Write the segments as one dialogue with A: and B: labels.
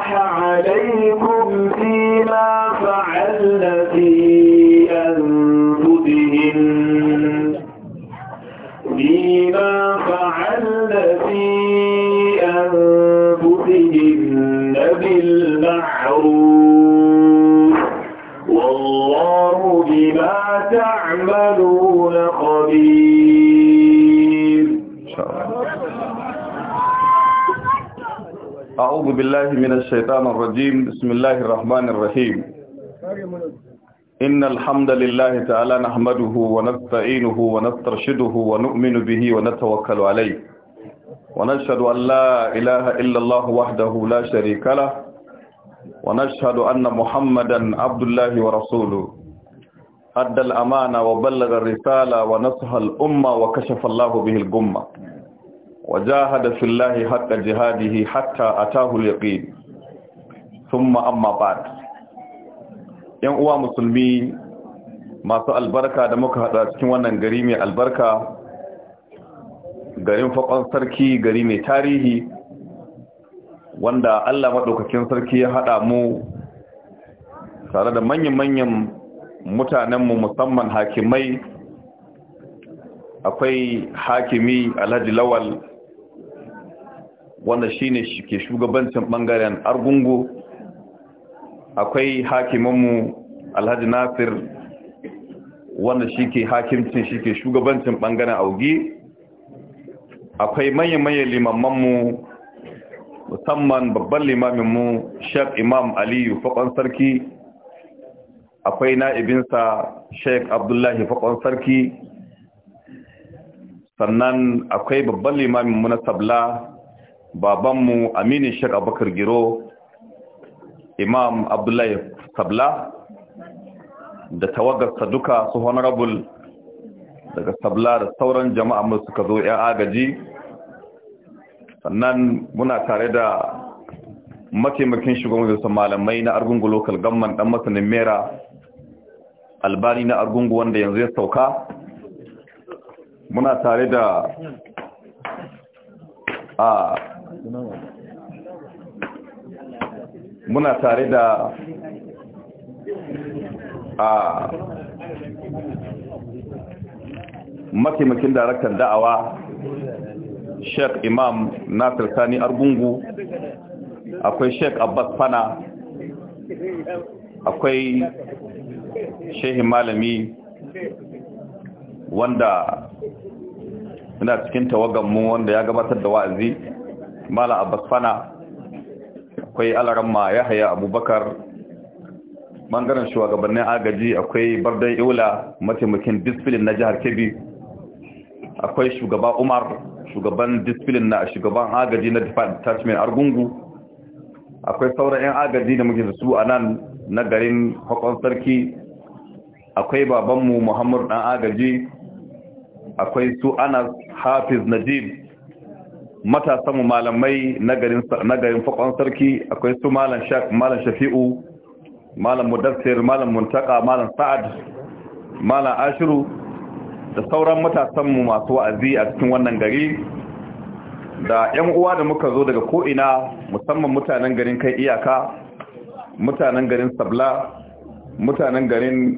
A: جناح عليكم فيما فعل في أنفسهن فيما فعل في أنفسهن بالمعروف والله بما تعملون
B: أعوذ بالله من الشيطان الرجيم بسم الله الرحمن الرحيم إن الحمد لله تعالى نحمده ونستعينه ونسترشده ونؤمن به ونتوكل عليه ونشهد أن لا إله إلا الله وحده لا شريك له ونشهد أن محمدا عبد الله ورسوله أدى الأمانة وبلغ الرسالة ونصح الأمة وكشف الله به الغمة وجاهد في الله حق جهاده حتى اتاه اليقين ثم اما بعد ‘yan uwa musulmi masu albarka da muka hada cikin wannan gari mai albarka garin fakon sarki gari mai tarihi wanda Allah maɗaukakin sarki ya hada mu tare da manyan-manyan mu musamman hakimai akwai hakimi alhaji lawal wanda ne ke shugabancin ɓangaren argungu akwai hakimanmu alhaji nasir wanda shi ke hakimcin shi ke shugabancin ɓangaren augi akwai manya manya limamanmu musamman babban limaminmu sheik imam aliyu faƙon sarki akwai na'ibinsa sheik abdullahi faƙon sarki sannan akwai babban limaminmu na sabla babanmu Aminu shek abakar giro imam abdullahi sabla da tawagarsa Saduka su honorable daga sabla da sauran jama'a mai suka zo 'yan agaji sannan muna tare da mataimakin shugaban da malamai na argungu Lokal gamman dan masanin mera albani na argungu wanda yanzu ya sauka muna tare da a
A: muna tare da a
B: mataimakin daraktan da'awa sheik imam nasir sani argungu
A: akwai sheik abbas fana akwai shehin malami
B: wanda ina cikin tawaganmu wanda ya gabatar da wa'azi mala abbas fana akwai alaramma haya abubakar bangaren shugabannin agaji akwai bardan iula mataimakin disfilin na jihar kebbi akwai shugaba umar shugaban disfilin na shugaban agaji na detachment argungu akwai sauran 'yan agaji da muke da su a nan na garin hakon sarki akwai babanmu muhammadu dan agaji akwai su anas hafiz najib matasan malamai na garin fakon sarki akwai su malam shafi'u malam mudassir malam muntaka malam sa'ad malam ashiru da sauran matasanmu masu wa'azi a cikin wannan gari da 'yan uwa da muka zo daga ko'ina musamman mutanen garin kai iyaka mutanen garin sabla mutanen garin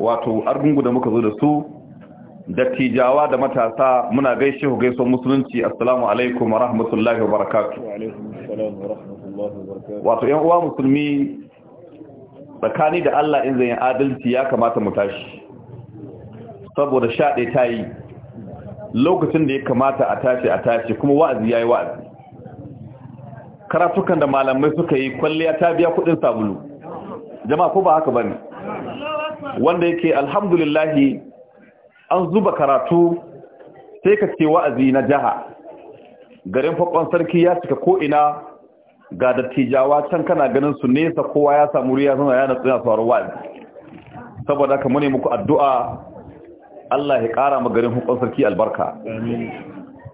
B: wato argungu da muka zo da su tijawa da matasa muna gaishe ku gaiso musulunci assalamu alaikum wa rahmatullahi wa barakatuh wato yan uwa musulmi tsakani da Allah in zai adalci ya kamata mu tashi saboda shaɗe ta yi lokacin da ya kamata a tashi a tashi kuma wa'azi ya yi wa'azi karatukan da malamai suka yi kwalliya ta biya kudin sabulu jama'a ko ba haka bane wanda yake alhamdulillahi an zuba karatu sai ka ce wa'azi na jaha garin fakon sarki ya cika ko'ina ga dattijawa can kana ganin su nesa kowa ya samu riya suna yana tsina sauran wa'azi saboda ka mune muku addu'a Allah ya kara ma garin fakon sarki albarka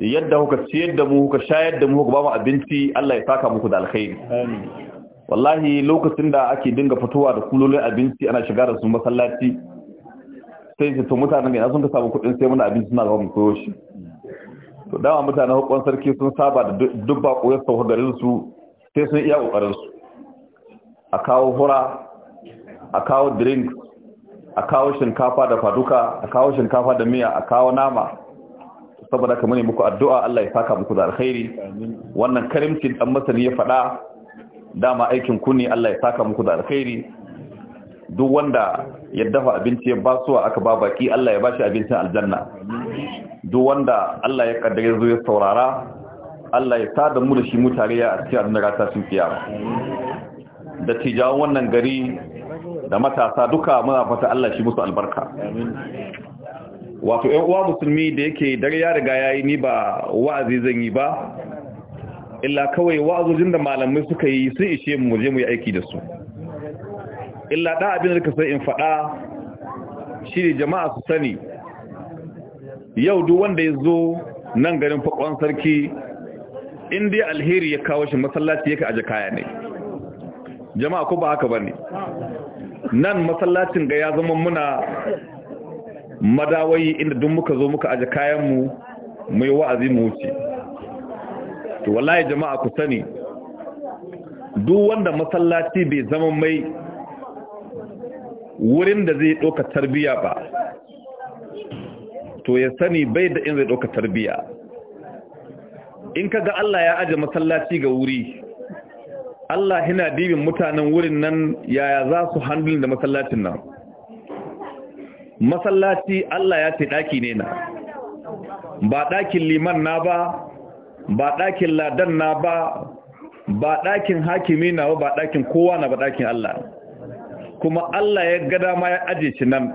B: yadda kuka ciyar da mu kuka shayar da mu kuka ba mu abinci Allah ya saka muku da alkhairi wallahi lokacin da ake dinga fitowa da kulolin abinci ana shiga da su masallaci sai ji to mutanen mai sun ka samu kuɗin sai muna abinci suna zama koyo shi to dama mutanen hukun sarki sun saba da duk bako ya garin su sai sun iya kokarin su a kawo hura a kawo drink a kawo shinkafa da faduka a kawo shinkafa da miya a kawo nama saboda kamar muku addu'a Allah ya saka muku da alkhairi wannan karimcin dan masani ya faɗa dama aikin ku Allah ya saka muku da alkhairi duk wanda ya dafa abinci ya basuwa aka ba baki Allah ya bashi abincin aljanna duk wanda Allah ya kaddare zo ya saurara Allah ya tada mu da shi mutare a cikin annabi ta sun fiya. da tijawon wannan gari da matasa duka muna fata Allah shi musu albarka wato ƴan uwa musulmi da yake dare ya riga yayi ni ba wa'azi zan yi ba illa kawai wa'azojin da malamai suka yi sun ishe mu je mu yi aiki da su illa da abin da ka in faɗa shi ne jama'a su sani yau duk wanda ya zo nan garin fakon sarki inda alheri ya kawo shi masallaci yake aje kaya ne jama'a ko ba haka ba ne nan masallacin ga ya zama muna madawai inda duk muka zo muka aje kayanmu mai wa'azi mu wuce to wallahi jama'a ku sani duk wanda masallaci bai zama mai wurin da zai ɗauka tarbiya ba to ya sani bai da in zai ɗauka tarbiya in ka ga Allah ya aje masallaci ga wuri Allah hina dibin mutanen wurin nan yaya za su handling da masallacin nan masallaci Allah ya ce ɗaki ne na ba ɗakin liman na ba ba ɗakin ladan na ba ba ɗakin hakimi na ba ba ɗakin kowa na ba ɗakin Allah kuma Allah ya ga dama ya aje shi nan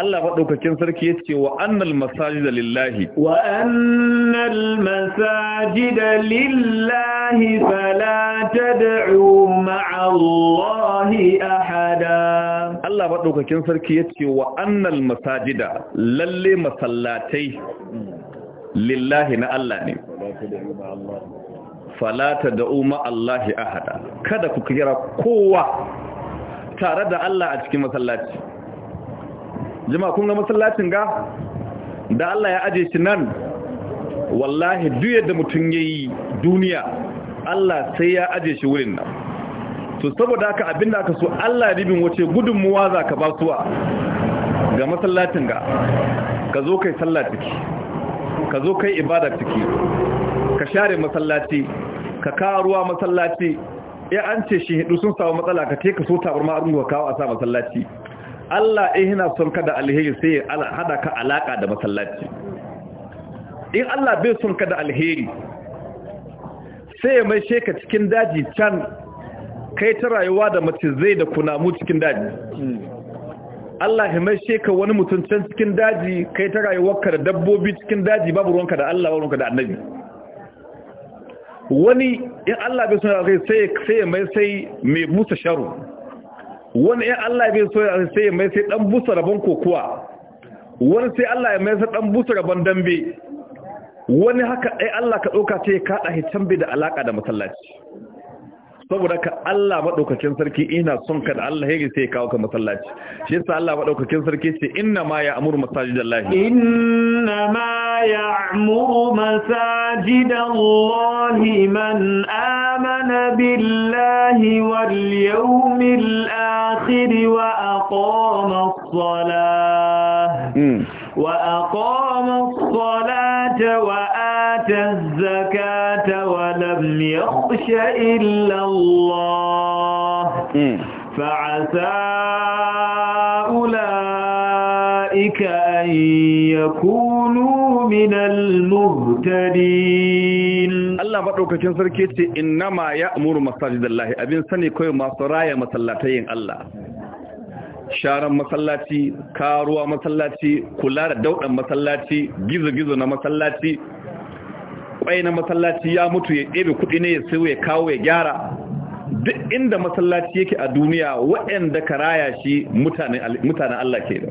B: Allah maɗaukakin sarki ya ce wa annal masajida lillahi wa annal masajida lillahi
A: fala
B: tad'u ma'allahi ahada Allah maɗaukakin sarki ya ce wa annal masajida lalle masallatai lillahi na Allah ne fala tad'u ma'allahi ahada kada ku kira kowa tare da Allah a cikin masallaci jima kun ga masallacin ga da Allah ya aje shi nan wallahi duk yadda mutum yi duniya Allah sai ya aje shi wurin nan to saboda haka abinda aka so Allah ya ribin wace gudunmuwa zaka ba suwa ga masallacin ga ka zo kai sallah ciki ka zo kai ibada ciki ka share masallaci ka kawo ruwa masallaci ya an ce shi hidu sun samu matsala ka teka so tabarma an ga kawo a sa masallaci Allah in yana son ka da alheri sai hada ka alaka da masallaci in Allah bai son ka da alheri sai ya mai sheka cikin daji can kai ta rayuwa da mace zai da kunamu cikin daji Allah ya mai sheka wani mutum can cikin daji kai ta rayuwarka da dabbobi cikin daji babu ruwanka da Allah ruwanka da annabi wani in Allah bai soya sai sai sai mai sai mai busa sharu wani in Allah bai soya sai mai sai dan busa rabon kokuwa wani sai Allah ya mai sai dan busa rabon dambe wani haka dai Allah ka dauka sai ka da hitambe da alaka da masallaci saboda ka Allah madaukakin sarki ina son ka da Allah yake sai kawo ka masallaci shi yasa Allah madaukakin sarki ce inna ma ya'muru masajidallahi inna ma ya'muru masajidallahi man
A: amana billahi wal yawmil akhir wa aqama as-salat يشاء إلا الله فعسى أولئك أن يكونوا
B: من المهتدين الله مدوكاكين sarki ce innama ya'muru lahi, abin sani kawai masu raya masallatayin Allah sharan masallaci karuwa masallaci kula da daudan masallaci gizo-gizo na masallaci bai na masallaci ya mutu ya ɗebe kuɗi ne ya sayo ya kawo ya gyara duk inda masallaci yake a duniya waɗanda ka raya shi mutanen Allah ke da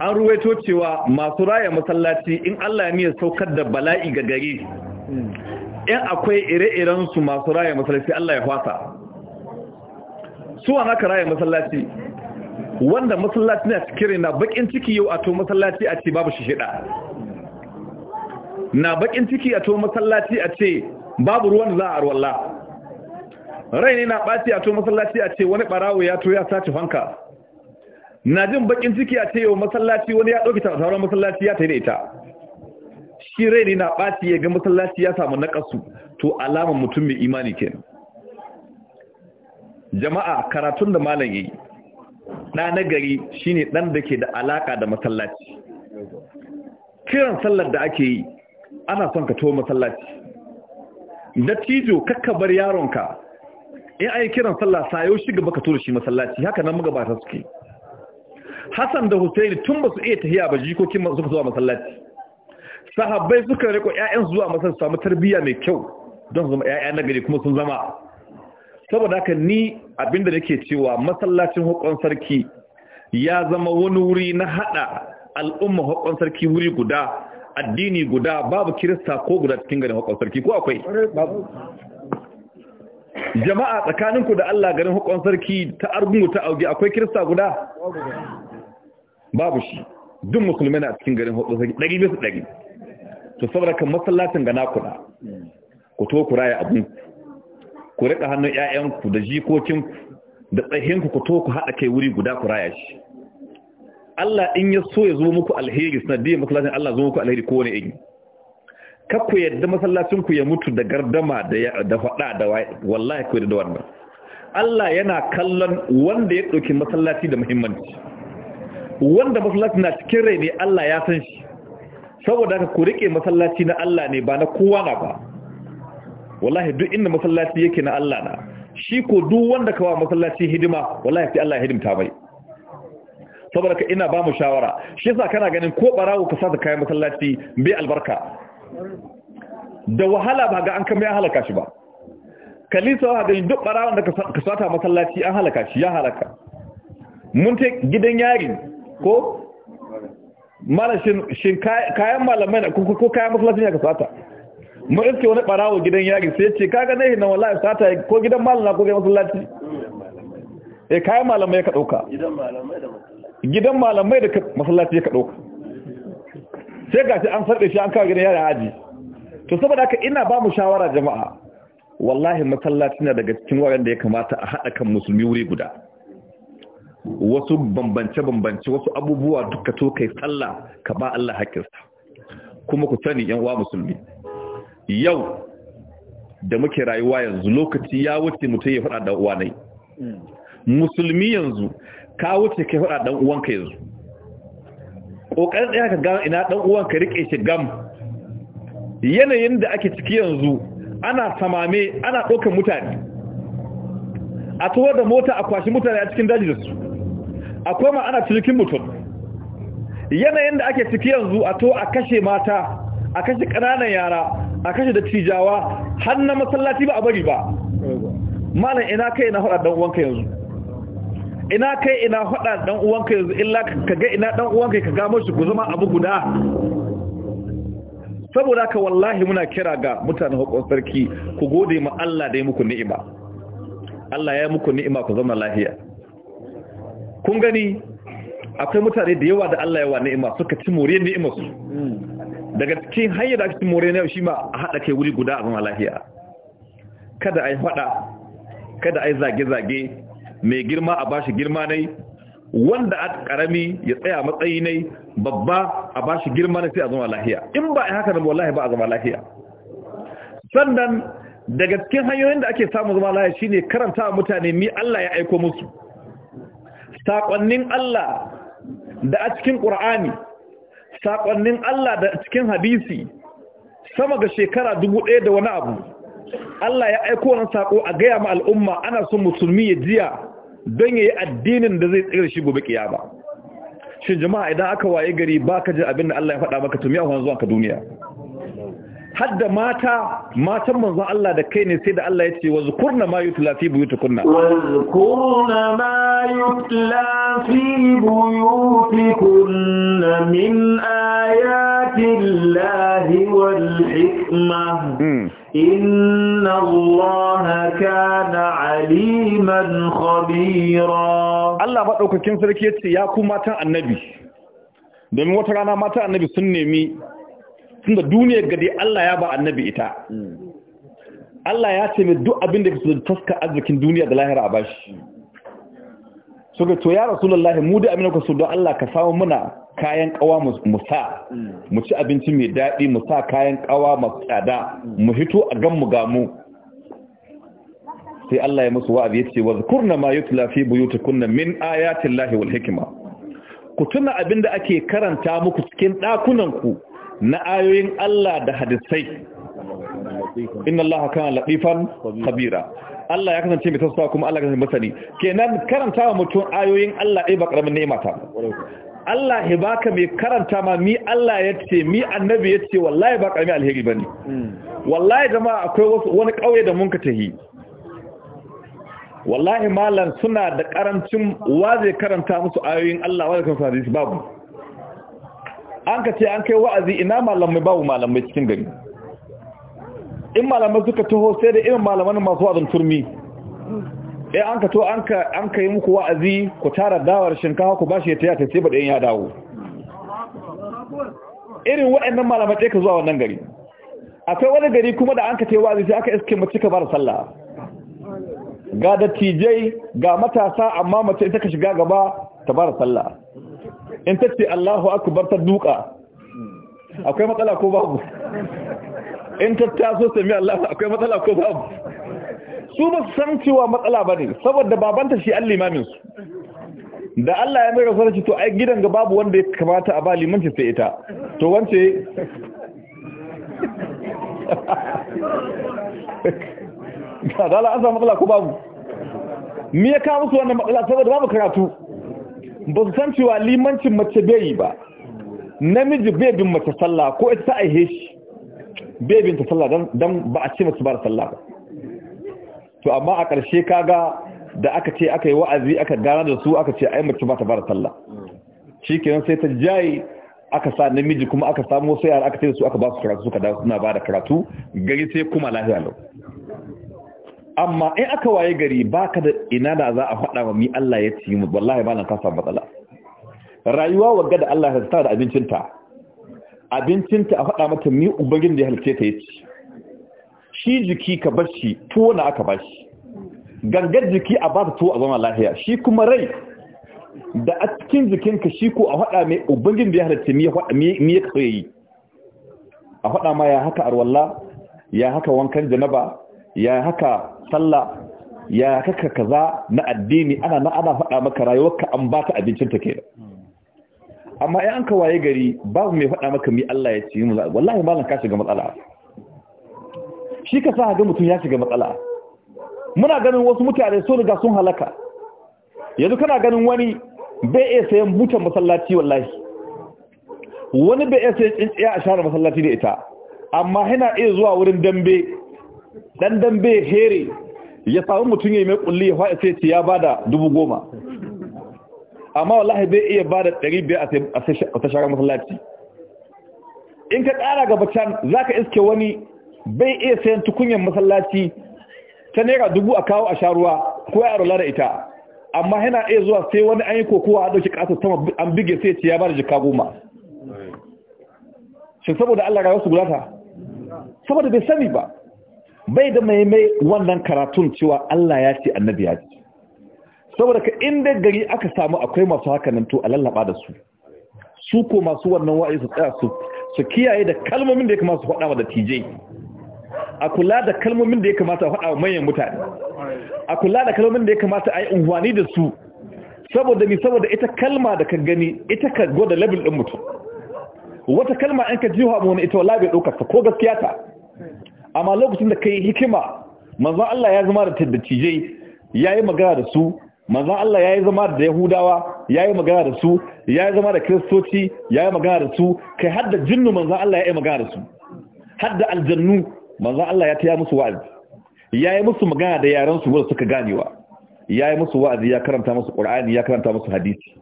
B: an ruwaito cewa masu raya masallaci in Allah ya saukar da bala'i ga gari in akwai ire-iren su masu raya masallaci Allah ya fasa su an aka raya masallaci wanda masallaci na cikin na bakin ciki yau a to masallaci a ce babu shi shida na bakin ciki a to masallaci a ce babu ruwan za a arwalla rai ne na ɓaci a to masallaci a ce wani ɓarawo ya to ya sace fanka na jin bakin ciki a ce yau masallaci wani ya ɗauki taron masallaci ya taida ita shi rai ne na ɓaci ya ga masallaci ya samu naƙasu to alamar mutum mai imani kenan jama'a karatun da malam yi ɗa na gari shine ɗan da ke da alaƙa da masallaci kiran sallar da ake yi ana son ka to masallaci dattijo kakka bar yaronka in ayi kiran sallah sayo shi gaba ka tura shi masallaci haka nan magabata suke Hassan da Husaini tun ba su iya tahiya ba jikokin suka zuwa masallaci sahabbai suka riko ƴaƴan zuwa masallaci samu tarbiyya mai kyau don su zama ƴaƴa na gari kuma sun zama saboda haka ni abinda nake cewa masallacin hukun sarki ya zama wani wuri na haɗa al'umma hukun sarki wuri guda addini guda babu kirista ko guda cikin garin hakon sarki ko akwai jama'a tsakaninku da Allah garin hakon sarki ta argungu ta auge akwai kirista guda babu shi duk musulmi na cikin garin hakon sarki dari bisa dari to saboda kan masallacin ga nakuda ku to ku raya abun ku rika hannun 'ya'yanku da jikokinku da tsahinku ku to ku haɗa kai wuri guda ku raya shi Allah in ya so ya zo muku alheri sanadiyar masallacin Allah zo muku alheri kowane iri kakku yadda masallacinku ya mutu da gardama da faɗa da wallahi ku yadda wannan Allah yana kallon wanda ya ɗauki masallaci da muhimmanci wanda masallaci na cikin rai ne Allah ya san shi saboda ka ku riƙe masallaci na Allah ne ba na kowa na ba wallahi duk inda masallaci yake na Allah na shi ko duk wanda kawa masallaci hidima wallahi sai Allah ya hidimta mai saboda ka ina ba mu shawara shi yasa kana ganin ko barawo ka sata kayan masallaci bai albarka da wahala ba ga an kama ya halaka shi ba kalisa wa ga duk barawon da ka sata masallaci an halaka shi ya halaka mun ta gidan yari ko mala shin kayan malamai ko kayan masallaci ne ka sata mu iske wani barawo gidan yari sai ce kaga ne na wallahi sata ko gidan malama ko gidan masallaci eh kayan malamai ka dauka
A: gidan malamai da masallaci
B: gidan malamai da masallaci ya kaɗo sai ga shi an sarɗe shi an kawo gidan yare aji to saboda haka ina ba mu shawara jama'a wallahi masallaci na daga cikin wayan da ya kamata a haɗa kan musulmi wuri guda wasu bambance-bambance wasu abubuwa duka to kai sallah ka ba Allah haƙƙinsa kuma ku sani yan uwa musulmi yau da muke rayuwa yanzu lokaci ya wuce mutum ya faɗa da uwa nai musulmi yanzu ka wuce kai faɗa ɗan uwanka yanzu ƙoƙarin ɗaya ka gano ina ɗan uwanka riƙe shi gam yanayin da ake ciki yanzu ana samame ana ɗaukar mutane a tuwar da mota a kwashi mutane a cikin daji da su akwai ma ana cikin mutum yanayin da ake ciki yanzu a to a kashe mata a kashe ƙananan yara a kashe da cijawa har na masallaci ba a bari ba malam ina kai na faɗa ɗan uwanka yanzu ina kai ina hada dan uwanka yanzu illa ka ga ina dan uwanka ka ga mashi ku zama abu guda saboda ka wallahi muna kira ga mutanen hukun sarki ku gode ma Allah da ya muku ni'ima Allah ya muku ni'ima ku zama lafiya kun gani akwai mutane da yawa da Allah ya wa ni'ima suka ci moriyar ni'imar su daga cikin hanyar da ake cin moriyar ni'imar shi ma a haɗa kai wuri guda a zama lafiya kada a yi kada a yi zage-zage mai girma a bashi girma nai wanda a karami ya tsaya matsayi nai babba a bashi girma ne sai a zama lahiya in ba a haka da lahiya ba a zama lahiya sannan daga cikin hanyoyin da ake samun zama lahiya shine karanta mutane mi Allah ya aiko musu saƙonnin Allah da a cikin ƙur'ani saƙonnin Allah da cikin hadisi sama ga shekara dubu ɗaya da wani abu Allah ya aiko wani sako a gaya ma al'umma ana son musulmi ya jiya don ya yi addinin da zai tsira shi gobe kiyama shin jama'a idan aka waye gari ba ka ji abin da Allah ya faɗa maka tumiya wani zuwa ka duniya hadda mata matan manzon Allah da kai ne sai da Allah ya ce wa zukurna ma bu yi buyutikunna wa zukurna ma
A: bu yi buyutikunna min ayatin lahi wal hikma hmm. inna
B: allaha kana aliman khabira Allah madaukakin sarki yace ya ku matan annabi domin wata rana matan annabi sun nemi tunda duniyar gade Allah ya ba annabi ita Allah ya ce mai duk abin da su taska arzikin duniya da lahira a bashi so to ya rasulullahi mu da aminu ka so, don Allah ka samu muna kayan kawa musa, sa mm. mu ci abinci mai daɗi mu sa kayan kawa masu tsada mm. mu hito a gan mu gamu sai Allah ya musu wa'azi yace wa zkurna ma yutla fi buyutikunna min ayati llahi wal hikma ku tuna abinda ake karanta muku cikin dakunan ku na ayoyin Allah da hadisai inna allaha kana latifan khabira Allah ya kasance mai tasowa kuma Allah ya kasance masani kenan karantawa mutum ayoyin Allah ai ba karamin ni'ima ta Allah ya baka mai karanta ma mi Allah ya ce mi annabi ya ce wallahi ba karami alheri bane wallahi jama'a akwai wani kauye da mun ka tahi wallahi malam suna da karancin wa zai karanta musu ayoyin Allah wa zai su babu an ka ce an kai wa'azi ina malamai babu malamai cikin gari in malamai suka taho sai da irin malaman masu wazin turmi in eh, an ka to an ka yi muku wa'azi ku tara dawar shinkawa ku bashi ya taya ta ce baɗin ya dawo irin waɗannan malamai ka zuwa wannan gari akwai wani gari kuma da an ka taiwa zai aka iske mace ka bar sallah ga dattijai ga matasa amma mace ita ka shiga gaba ta bar sallah in ta ce Allahu akbar ta duka akwai matsala ko babu in ta taso sami Allah akwai matsala ko babu su ba su san cewa matsala ba ne saboda babanta shi an limamin su da Allah ya mai rasuwa ce to ai gidan ga babu wanda ya kamata a ba limanci sai ita to wance da Allah an matsala ko babu me ya kawo su wannan matsala saboda babu karatu ba su san cewa limancin mace bai ba namiji bai bin mace sallah ko ita ta aihe shi bai bin ta sallah dan ba a ce mace ba da sallah ba to amma a ƙarshe kaga da aka ce aka yi wa'azi aka gana da su aka ce ai mace ba ta talla.' shi kenan sai ta jayi aka sa namiji kuma aka samu wasu yara aka ce su aka ba su karatu suka dawo suna ba da karatu gari sai kuma lafiya lau amma in aka waye gari baka da ina da za a faɗa wa mi Allah ya ci wallahi ba nan ka samu matsala rayuwa wagga da Allah ya sa da abincinta abincinta a faɗa mata mi ubangin da ya halce ta ya ci shi jiki ka bar shi tuwo na aka bashi gangar jiki a ba tuwo a zama lahiya shi kuma rai da a cikin jikinka shi ko a hada mai ubangin da ya halatta mai ya kasa yi a hada ma ya haka arwallah ya haka wankan janaba ya haka sallah ya haka kaza na addini ana na ana faɗa maka rayuwarka an ba ta abincin ta kenan amma in an ka waye gari babu mai faɗa maka mi Allah ya ce mu wallahi malan ka shiga matsala shi ka sa ga mutum ya shiga matsala muna ganin wasu mutane sun riga sun halaka yanzu kana ganin wani bai iya sayan butan masallaci wallahi wani bai iya sayan tsinciya a share masallaci da ita amma yana iya zuwa wurin dambe dan dambe ya here ya samu mutum ya yi mai kulli ya faɗi sai ce ya bada dubu goma amma wallahi bai iya ba da ɗari biyar a ta share masallaci in ka ƙara gaba can za ka iske wani bai iya sayan tukunyar masallaci ta naira dubu a kawo a sharuwa ko ya arola da ita amma yana iya zuwa sai wani an yi kokowa a ɗauki ƙasa sama an bige sai ce ya ba da jika goma shi saboda Allah rayuwar su gudata saboda bai sani ba bai da maimai wannan karatun cewa Allah ya ce annabi ya ce saboda ka inda gari aka samu akwai masu nan to a lallaba da su su ko masu wannan wa'azi su tsaya su kiyaye da kalmomin da ya kamata su faɗa wa da tijai a kula da kalmomin da ya kamata a faɗa manyan mutane a kula da kalmomin da ya kamata a yi unguwani da su saboda mi saboda ita kalma da ka gani ita ka goda labin ɗin mutum wata kalma an ka jiwa mu wani ita wala bai ɗaukarsa ko gaskiya ta amma lokacin da ka yi hikima manzon Allah ya zama da tabbatijai ya yi magana da su manzon Allah ya yi zama da Yahudawa ya yi magana da su ya yi zama da Kiristoci ya yi magana da su kai har da jinnu manzon Allah ya yi magana da su har aljannu manzan Allah ya taya musu wa'azi ya yi musu magana da yaran su wanda suka ganewa ya yi musu wa'azi ya karanta musu ƙur'ani ya karanta musu hadisi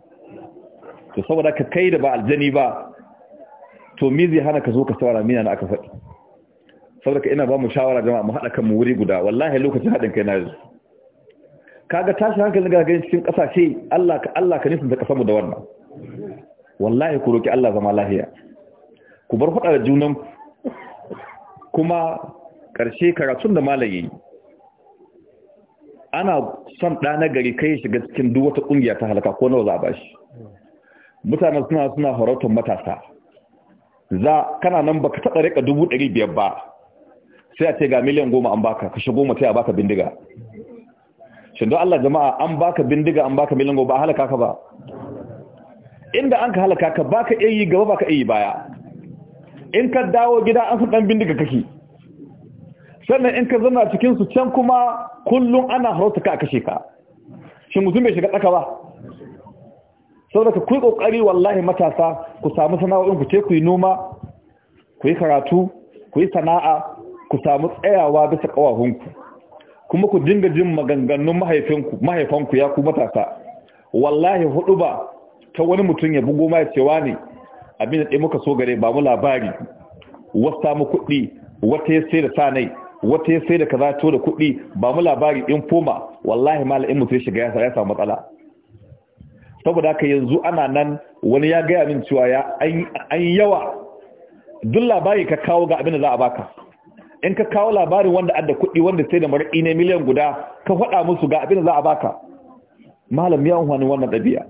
B: to saboda ka kai da ba aljani ba to me zai hana ka zo ka saurara mina na aka faɗi saboda ka ina ba mu shawara jama'a mu haɗa kanmu wuri guda wallahi lokacin haɗin kai na yanzu kaga tashin hankalin ga ganin cikin ƙasashe Allah ka Allah ka nufin da kasanmu da wannan wallahi ku roki Allah zama lafiya ku bar faɗa da junan. kuma ƙarshe karatun da malaye ana son ɗa na gari kai shiga cikin duk wata ƙungiya ta halaka ko nawa za a bashi mutanen suna suna horautar matasa za kana nan baka taɓa rika dubu ɗari biyar ba sai a ce ga miliyan goma an baka kashe goma sai a baka bindiga shin don Allah jama'a an baka bindiga an baka miliyan goma ba halaka ka ba inda an ka halaka ka baka iya yi gaba baka iya yi baya in ka dawo gida an san dan bindiga kake sannan in ka zama cikin su can kuma kullum ana harauta ka kashe ka Shin mutum bai shiga tsaka ba saboda ku yi kokari wallahi matasa ku samu sana'o'in ku ce ku yi noma ku yi karatu ku yi sana'a ku samu tsayawa bisa kawahunku kuma ku dinga jin maganganun mahaifinku mahaifanku ya ku matasa wallahi hudu ba ta wani mutum ya bugo ma cewa ne abin da ɗaya muka so gare ba mu labari wasu mu kuɗi wata ya sai da sanai wata ya sai da kaza to da kuɗi ba mu labari in foma wallahi malamin mutum shiga ya samu matsala saboda haka yanzu ana nan wani ya gaya min cewa ya an yawa duk labari ka kawo ga abin da za a baka in ka kawo labarin wanda adda kuɗi wanda sai da mar'i ne miliyan guda ka faɗa musu ga abin da za a baka malam ya wani wannan ɗabi'a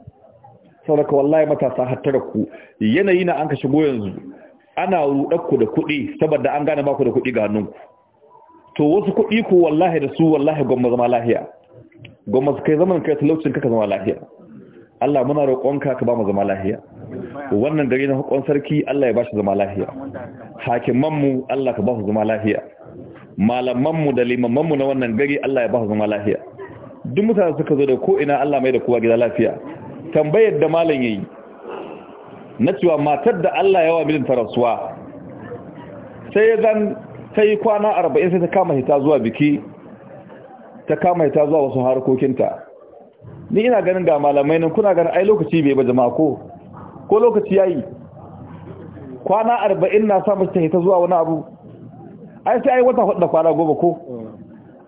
B: sauraka wallahi matasa hattara ku yanayi na an ka shigo yanzu ana ruɗakku da kuɗi saboda an gane baku da kuɗi ga hannunku to wasu kuɗi ku wallahi da su wallahi gwamma zama lahiya gwamma su kai zaman kai talaucin kaka zama lahiya Allah muna roƙonka ka ba mu zama lahiya wannan gari na hukun sarki Allah ya ba shi zama lahiya hakimanmu Allah ka ba su zama lahiya malamanmu da limamanmu na wannan gari Allah ya ba su zama lahiya duk mutane suka zo da ko ina Allah mai da kowa gida lafiya tambayar da malam yayi na cewa matar da Allah yawa mijinta rasuwa sai zan sai kwana 40 sai ta kama hita zuwa biki ta kama hita zuwa wasu harkokinta ni ina ganin da malamai nan kuna ganin ai lokaci bai ba jama'a ko ko lokaci yayi kwana 40 na samu ta hita zuwa wani abu ai sai ai wata hudu da kwana goma ko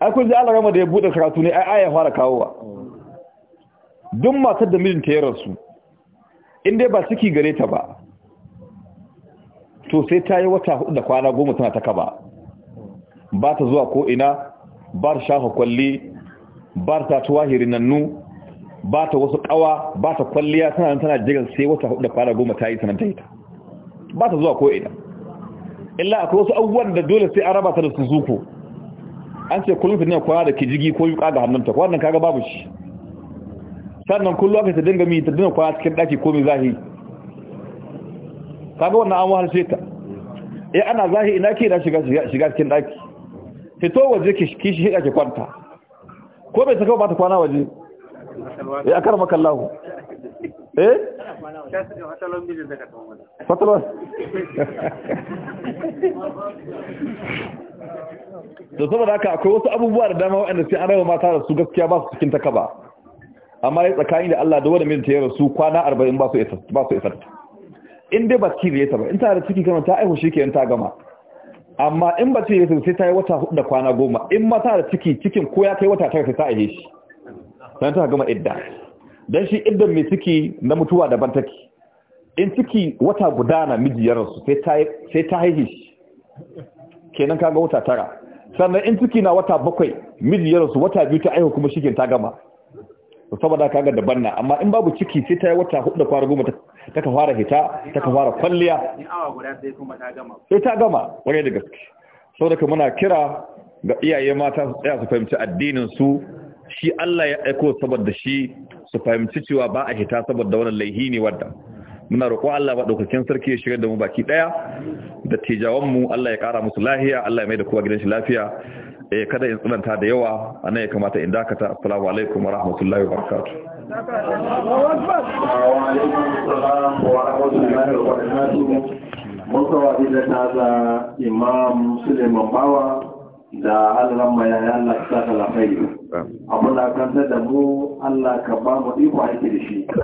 B: ai kun ji Allah rama da ya bude karatu ne ai ai ya fara kawowa duk matar da mijinta ya rasu inda ba suke gare ta ba to sai ta yi wata hudu da kwana goma tana ta kaba ba ta zuwa ko ina ba ta shafa kwalli ba ta tuwa hirinannu ba ta wasu kawa ba ta kwalliya tana tana jigar sai wata hudu da kwana goma ta yi sanan ta yi ta ba ta zuwa ko ina illa akwai wasu abubuwan da dole sai an raba ta da su zuko an ce kullum ta ne kwana da kijigi ko yuka ga hannunta kwanan kaga babu shi sannan kullum aka ta dinga mi ta dinga kwana cikin daki komai zahi kaga wannan an wahalce ta eh ana zahiri ina ke da shiga shiga cikin daki fito waje ki shi shiga ki kwanta ko bai saka ba ta kwana waje
A: eh akar makallahu
B: eh fatalwa
A: da saboda haka akwai
B: wasu abubuwa da dama waɗanda sai an raba mata da su gaskiya ba su cikin takaba amma ya tsakani da Allah da wanda mijinta ya rasu kwana 40 ba su isa ba su isa in dai ba ciye ta ba in ta da ciki kamar ta aihu shikenan ta gama amma in ba ciki sai ta yi wata hudu da kwana goma in ma ta da ciki cikin ko ya kai wata tara sai ta aihe shi dan ta gama idda dan shi iddan mai ciki na mutuwa daban take in ciki wata gudana mijiyar su sai ta sai ta aihe shi kenan kaga wata tara sannan in ciki na wata bakwai mijiyar su wata biyu ta aihu kuma shikenan ta gama saboda kaga daban na amma in babu ciki sai ta yi wata hudu da kwara goma ta ka fara hita ta ka fara kwalliya sai ta gama wani da gaske saboda ka muna kira ga iyaye mata su tsaya su fahimci addinin su shi Allah ya aiko saboda shi su fahimci cewa ba a hita saboda wannan laihi ne wadda muna roƙo Allah dokokin sarki ya shigar da mu baki ɗaya da tijawan mu Allah ya kara musu lahiya Allah ya mai da kowa gidan shi lafiya eh kada in tsananta da yawa anan ya kamata in dakata assalamu alaikum wa rahmatullahi wa barakatuh
A: Mustawa da ta za Imam Suleiman Bawa da Allah da kan da mu Allah ba mu iko aiki da shi.